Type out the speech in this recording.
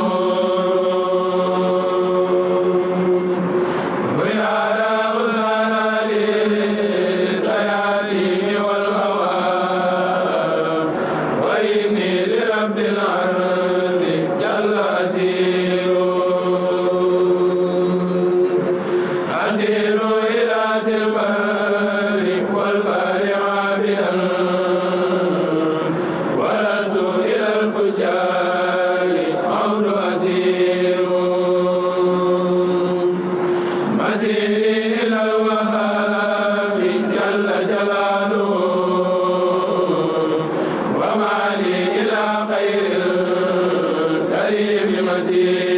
Oh المسير